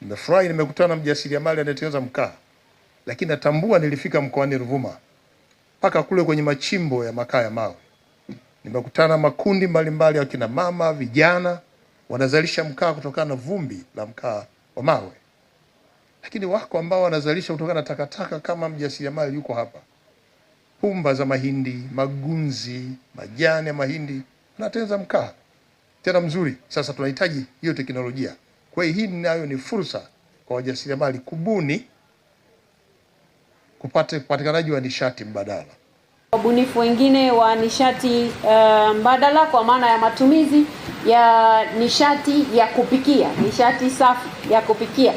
Nimefurahi nimekutana na mjasiriamali anayetengeneza mkaa, lakini natambua nilifika mkoani Ruvuma mpaka kule kwenye machimbo ya makaa ya mawe. Nimekutana makundi mbalimbali ya kina mama, vijana wanazalisha mkaa kutokana na vumbi la mkaa wa mawe, lakini wako ambao wanazalisha kutokana na takataka. Kama mjasiriamali yuko hapa, pumba za mahindi, magunzi, majani ya mahindi, anatengeneza mkaa tena mzuri. Sasa tunahitaji hiyo teknolojia. Kwa hiyo hii nayo ni fursa kwa wajasiriamali kubuni kupata upatikanaji wa nishati mbadala. Wabunifu wengine wa nishati uh, mbadala kwa maana ya matumizi ya nishati ya kupikia, nishati safi ya kupikia.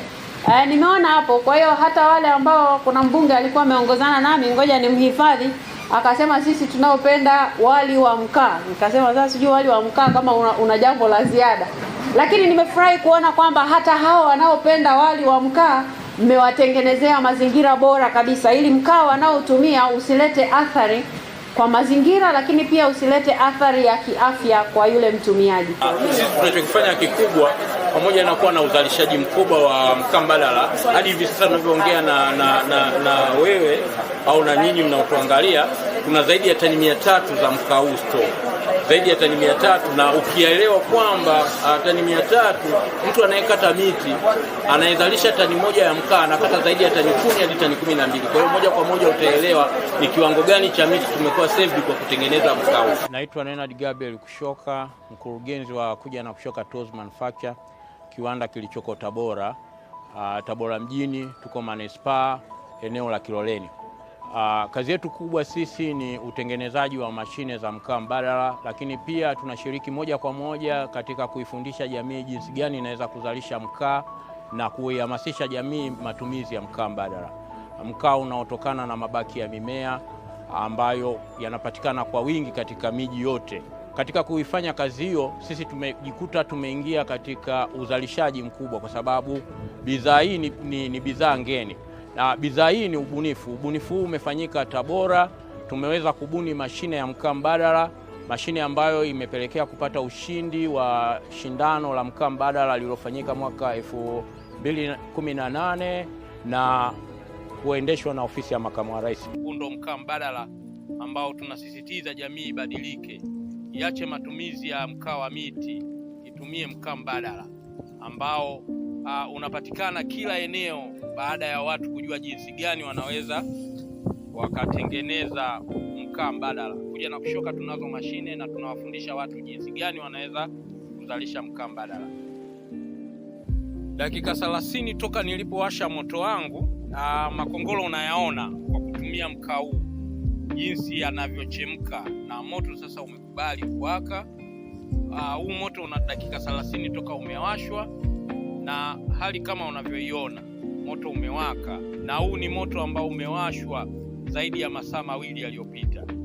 Uh, nimeona hapo. Kwa hiyo hata wale ambao kuna mbunge alikuwa ameongozana nami, ngoja ni mhifadhi, akasema sisi tunaopenda wali wa mkaa. Nikasema sasa sijui wali wa mkaa kama una, una jambo la ziada. Lakini nimefurahi kuona kwamba hata hao wanaopenda wali wa mkaa mmewatengenezea mazingira bora kabisa, ili mkaa wanaotumia usilete athari kwa mazingira, lakini pia usilete athari ya kiafya kwa yule mtumiaji. Sisi ah, tunachokifanya kikubwa pamoja na kuwa na uzalishaji mkubwa wa mkaa mbadala hadi hivi sasa tunavyoongea na, na, na, na wewe au na nyinyi mnaotuangalia, kuna zaidi ya tani mia tatu za mkaa huu store zaidi ya tani mia tatu na ukielewa kwamba ah, tani mia tatu mtu anayekata miti anayezalisha tani moja ya mkaa anakata zaidi ya tani kumi hadi tani kumi na mbili Kwa hiyo moja kwa moja utaelewa ni kiwango gani cha miti tumekuwa saved kwa kutengeneza mkaa. Naitwa Leonard Gabriel Kushoka, mkurugenzi wa kuja na kushoka Tools Manufacture, kiwanda kilichoko Tabora, ah, Tabora mjini, tuko manispaa eneo la Kiloleni. Uh, kazi yetu kubwa sisi ni utengenezaji wa mashine za mkaa mbadala, lakini pia tunashiriki moja kwa moja katika kuifundisha jamii jinsi gani inaweza kuzalisha mkaa na kuihamasisha jamii matumizi ya mkaa mbadala, mkaa unaotokana na mabaki ya mimea ambayo yanapatikana kwa wingi katika miji yote. Katika kuifanya kazi hiyo, sisi tumejikuta tumeingia katika uzalishaji mkubwa, kwa sababu bidhaa hii ni, ni, ni bidhaa ngeni na bidhaa hii ni ubunifu. Ubunifu huu umefanyika Tabora, tumeweza kubuni mashine ya mkaa mbadala, mashine ambayo imepelekea kupata ushindi wa shindano la mkaa mbadala lililofanyika mwaka 2018 na kuendeshwa na ofisi ya makamu wa rais. Huu ndo mkaa mbadala ambao tunasisitiza jamii ibadilike, iache matumizi ya mkaa wa miti, itumie mkaa mbadala ambao uh, unapatikana kila eneo baada ya watu kujua jinsi gani wanaweza wakatengeneza mkaa mbadala. Kuja na kushoka, tunazo mashine na tunawafundisha watu jinsi gani wanaweza kuzalisha mkaa mbadala. Dakika thelathini toka nilipowasha moto wangu, na makongoro unayaona kwa kutumia mkaa huu jinsi yanavyochemka na moto sasa umekubali kuwaka. Ah, huu uh, moto una dakika thelathini toka umewashwa na hali kama unavyoiona moto umewaka, na huu ni moto ambao umewashwa zaidi ya masaa mawili yaliyopita.